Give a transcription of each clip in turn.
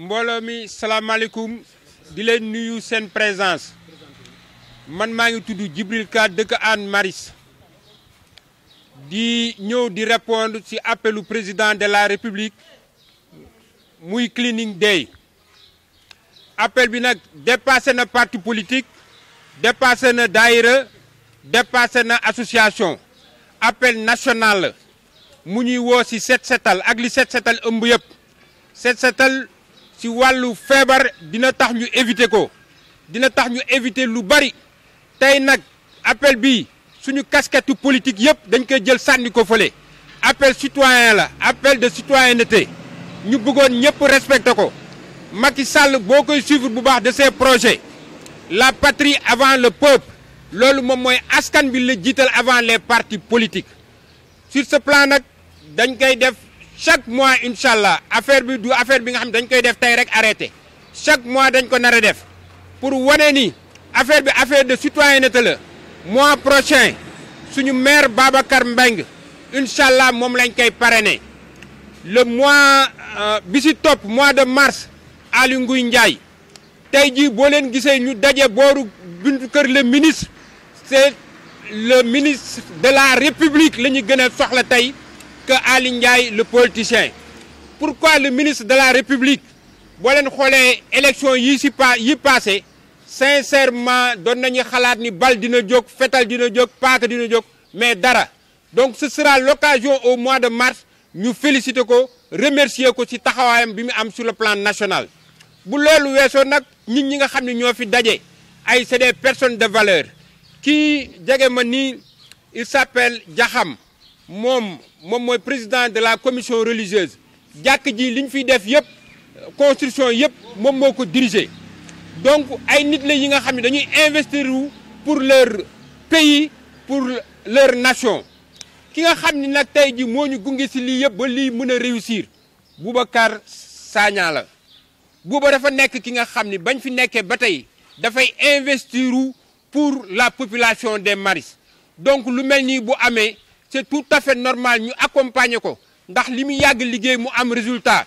mbooloo mi salaamaaleykum di leen nuyu seen présence man maa ngi tudd Djibril Ka dëkk Anne Maris di ñëw di répondre ci appelu président de la république muy cleaning day appel bi nag dépassé na parti politique dépassé na daayira dépassé na association appel national mu ñuy woo ci set setal ak li set setal ëmb yëpp set setal ci wàllu feebar dina tax ñu éviter ko dina tax ñu éviter lu bari tey nag appel bi suñu casquette politique yëpp dañ koy jël sànni ko fële appel citoyen la appel de citoyenneté ñu bëggoon ñëpp respecté ko Macky sàll boo koy suivre bu baax de ses projet la patrie avant le peuple loolu moom mooy askan bi la jiital avant les partis politiques sur ce plan nag dañ koy def chaque mois incha allah affaire bi du affaire bi nga xam dañ koy def tey rek arrêté chaque mois dañ ko nar a def pour wane ni affaire bi affaire de citoyenneté la mois prochain suñu maire Babacar Mbengue incha allah moom lañ koy parrainé le mois euh, bi si topp mois de mars Aliou Nguy Ndiaye tey jii boo leen gisee ñu daje booru buntu kër le ministre c'est le ministre de la république la ñu gën a soxla tey. que Ali Ndiaye le politicien pourquoi le ministre de la République boo leen xoolee élection yi si pa yi passé sincèrement doon nañu xalaat ni bal dina jóg fetal dina jóg paaka dina jóg mais dara donc ce sera l'occasion au mois de mars ñu félicité ko remercier ko ci taxawaayam bi mu am sur le plan national bu loolu weesoo nag nit ñi nga xam ne ñoo fi daje ay c'est personne de valeur kii jege ma ni il s'appelle Diakham moom moom mooy président de la commission religieuse jàkk ji li ñu fiy def yëpp construction yëpp moom moo ko diriger donc ay nit la yi nga xam ne dañuy investir pour leur pays pour leur nation ki nga xam ni nag tey ji moo ñu gunge si lii yëpp ba lii mun a réussir Boubacar Sagna la Bouba dafa nekk ki nga xam ni bañ fi nekkee ba tey dafay investir pour la population des Maristes donc lu mel nii bu amee c'est tout à fait normal ñu accompagner ko ndax li mu yàgg liggéey mu am résultat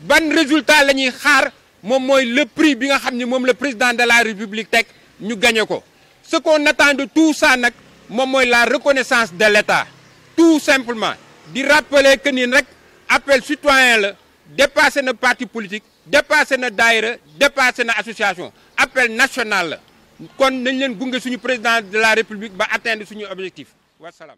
ban résultat la ñuy xaar moom mooy le prix bi nga xam ne moom la président de la république teg ñu gagné ko ce qu'on attend de tout ça nag moom mooy la reconnaissance de l'État tout simplement di rappeler que ni rek appel citoyen la dépassé na parti politique dépassé na daayira dépassé na association appel national la kon nañ leen gunge suñu président de la république ba atteindre suñu objectif wasalaam